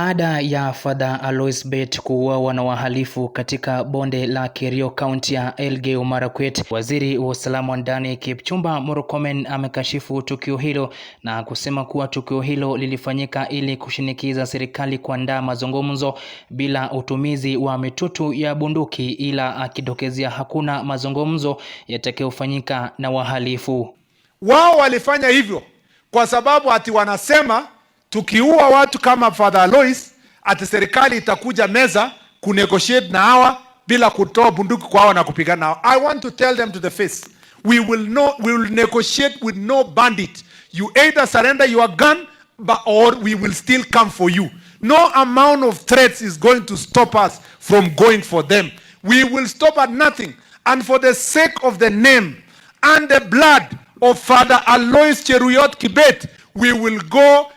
Baada ya Father Alois Bet kuuawa na wahalifu katika bonde la Kerio, kaunti ya Elgeyo Marakwet, waziri wa usalama wa ndani Kipchumba Murkomen amekashifu tukio hilo na kusema kuwa tukio hilo lilifanyika ili kushinikiza serikali kuandaa mazungumzo bila utumizi wa mitutu ya bunduki, ila akidokezea hakuna mazungumzo yatakayofanyika na wahalifu. Wao walifanya hivyo kwa sababu ati wanasema tukiua watu kama Father Alois, ati serikali itakuja meza kunegotiate na hawa bila kutoa bunduki kwa hawa na kupigana nao. I want to tell them to the face. We will no, we will negotiate with no bandit. You either surrender your gun but, or we will still come for you. No amount of threats is going to stop us from going for them. We will stop at nothing. And for the sake of the name and the blood of Father Alois Cheruyot Kibet, we will go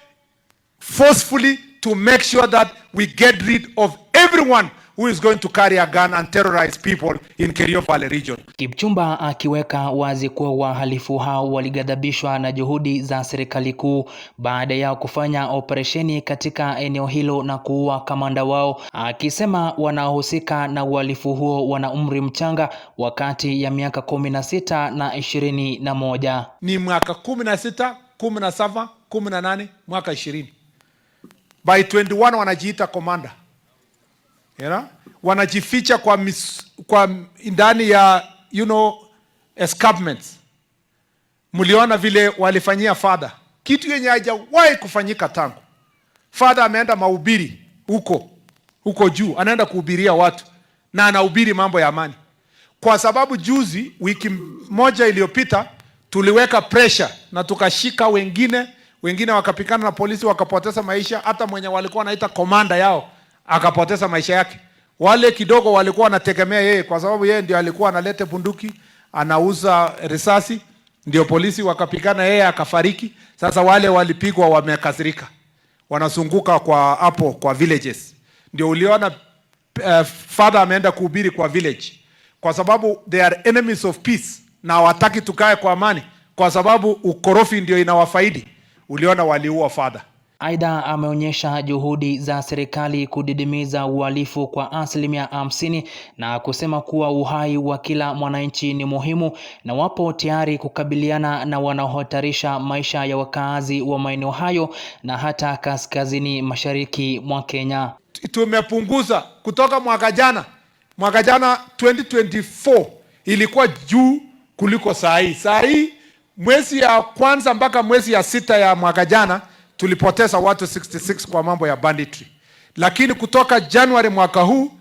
forcefully to make sure that we get rid of everyone who is going to carry a gun and terrorize people in Kerio Valley region. Kipchumba akiweka wazi kuwa wahalifu hao walighadhabishwa na juhudi za serikali kuu baada ya kufanya operesheni katika eneo hilo na kuua kamanda wao, akisema wanaohusika na uhalifu huo wana umri mchanga wakati ya miaka kumi na sita na ishirini na moja. Ni mwaka kumi na sita, kumi na saba, kumi na nane, mwaka ishirini by 21 wanajiita komanda You know? Wanajificha kwa mis, kwa ndani ya you know escarpments. Mliona vile walifanyia father. Kitu yenye hajawahi kufanyika tangu. Father ameenda mahubiri huko huko juu, anaenda kuhubiria watu na anahubiri mambo ya amani, kwa sababu juzi, wiki moja iliyopita, tuliweka pressure na tukashika wengine wengine wakapikana na polisi wakapoteza maisha, hata mwenye walikuwa wanaita komanda yao akapoteza maisha yake. Wale kidogo walikuwa wanategemea yeye, kwa sababu yeye ndio alikuwa analete bunduki, anauza risasi, ndio polisi wakapikana, yeye akafariki. Sasa wale walipigwa wamekasirika, wanazunguka kwa hapo kwa villages, ndio uliona uh, father ameenda kuhubiri kwa village, kwa sababu they are enemies of peace, na hawataki tukae kwa amani, kwa sababu ukorofi ndio inawafaidi uliona waliua father. Aidha, ameonyesha juhudi za serikali kudidimiza uhalifu kwa asilimia hamsini na kusema kuwa uhai wa kila mwananchi ni muhimu na wapo tayari kukabiliana na wanaohatarisha maisha ya wakaazi wa maeneo hayo na hata kaskazini mashariki mwa Kenya. Tumepunguza kutoka mwaka jana, mwaka jana 2024 ilikuwa juu kuliko saa hii. Saa hii Mwezi ya kwanza mpaka mwezi ya sita ya mwaka jana tulipoteza watu 66 kwa mambo ya banditry, lakini kutoka Januari mwaka huu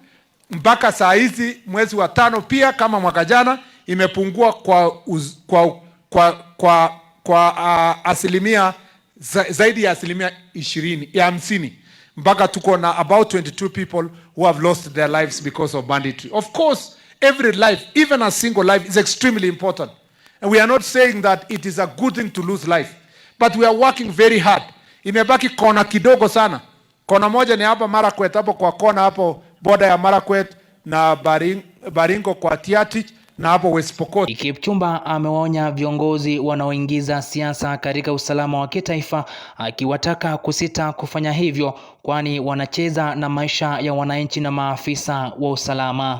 mpaka saa hizi mwezi wa tano, pia kama mwaka jana imepungua kwa, uz, kwa, kwa, kwa, kwa uh, asilimia za, zaidi ya asilimia ishirini ya hamsini mpaka tuko na about 22 people who have lost their lives because of banditry. Of course every life even a single life is extremely important. And we are not saying that it is a good thing to lose life, but we are working very hard. Imebaki kona kidogo sana, kona moja ni hapa Marakwet, hapo kwa kona hapo boda ya Marakwet na Baringo, kwa Tiatich na hapo West Pokot. Kipchumba amewaonya viongozi wanaoingiza siasa katika usalama wa kitaifa, akiwataka kusita kufanya hivyo, kwani wanacheza na maisha ya wananchi na maafisa wa usalama.